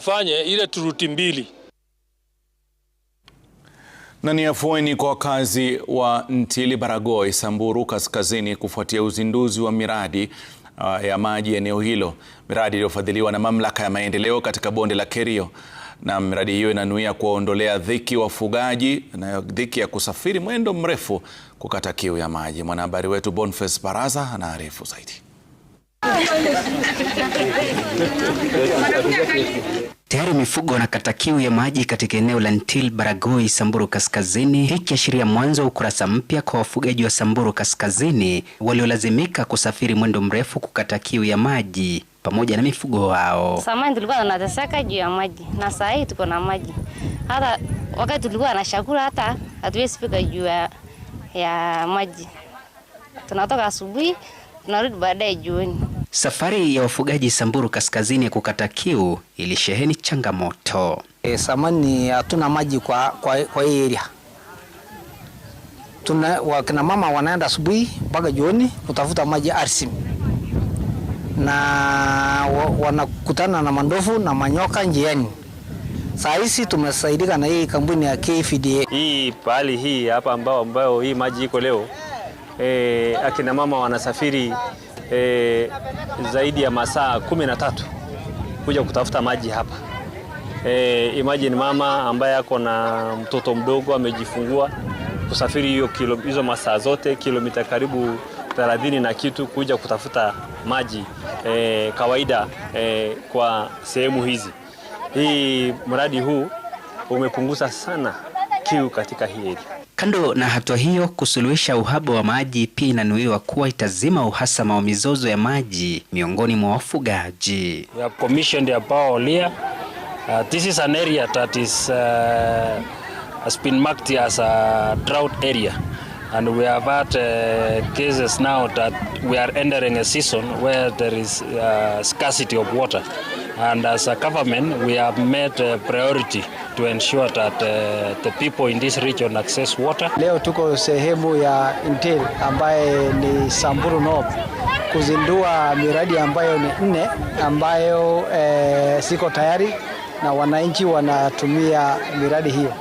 Fanye ile turuti mbili na ni afueni kwa wakazi wa Ntili Baragoi, Samburu Kaskazini, kufuatia uzinduzi wa miradi uh, ya maji eneo hilo, miradi iliyofadhiliwa na mamlaka ya maendeleo katika bonde la Kerio. Na miradi hiyo inanuia kuwaondolea dhiki wafugaji na dhiki ya kusafiri mwendo mrefu kukata kiu ya maji. Mwanahabari wetu Boniface Baraza anaarifu zaidi. Tayari mifugo wanakata kiu ya maji katika eneo la Ntil Baragoi, Samburu Kaskazini, hii ikiashiria mwanzo wa ukurasa mpya kwa wafugaji wa Samburu Kaskazini waliolazimika kusafiri mwendo mrefu kukata kiu ya maji pamoja na mifugo wao. Samani tulikuwa tunateseka juu ya maji na saa hii tuko na maji, hata wakati tulikuwa na chakula hata hatuwezi fika juu ya, ya maji. Tunatoka asubuhi tunarudi baadaye jioni. Safari ya wafugaji Samburu Kaskazini ya kukata kiu ilisheheni changamoto. E, samani hatuna maji kwa, kwa, kwa hii area. Tuna wakina mama wanaenda asubuhi mpaka jioni kutafuta maji arsim, na wanakutana na mandofu na manyoka njiani. Saa hizi tumesaidika na hii kampuni ya KFDA. Hii pahali hii hapa ambao ambayo hii maji iko leo, e, akina mama wanasafiri e, zaidi ya masaa kumi na tatu kuja kutafuta maji hapa. E, imagine mama ambaye ako na mtoto mdogo amejifungua kusafiri hiyo hizo masaa zote kilomita karibu 30 na kitu kuja kutafuta maji e, kawaida e, kwa sehemu hizi. Hii mradi huu umepunguza sana kiu katika hii area. Kando na hatua hiyo, kusuluhisha uhaba wa maji pia inanuiwa kuwa itazima uhasama wa mizozo ya maji miongoni mwa wafugaji. We have commissioned a power here. Uh, this is an area that is uh, has been marked as a drought area and we have had uh, cases now that we are entering a season where there is uh, scarcity of water and as a government we have made a priority to ensure that uh, the people in this region access water. Leo tuko sehemu ya Intel ambaye ni Samburu North kuzindua miradi ambayo ni nne ambayo eh, siko tayari na wananchi wanatumia miradi hiyo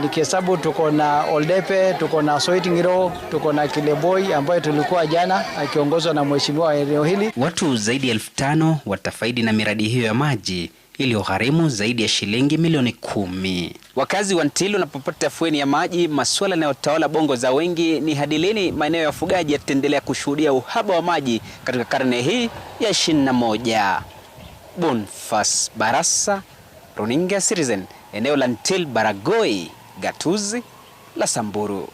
nikihesabu tuko na Oldepe, tuko na Soitngiro, tuko na Kileboi ambayo tulikuwa jana akiongozwa na mheshimiwa wa eneo hili. Watu zaidi ya elfu tano watafaidi na miradi hiyo ya maji iliyogharimu zaidi ya shilingi milioni kumi. Wakazi wa Ntili wanapopata afueni ya maji, masuala yanayotawala bongo za wengi ni hadi lini maeneo ya wafugaji yataendelea kushuhudia uhaba wa maji katika karne hii ya 21? Bonfas Barasa, Runinga Citizen, eneo la ntil Baragoi gatuzi la Samburu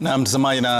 na mtazamaji na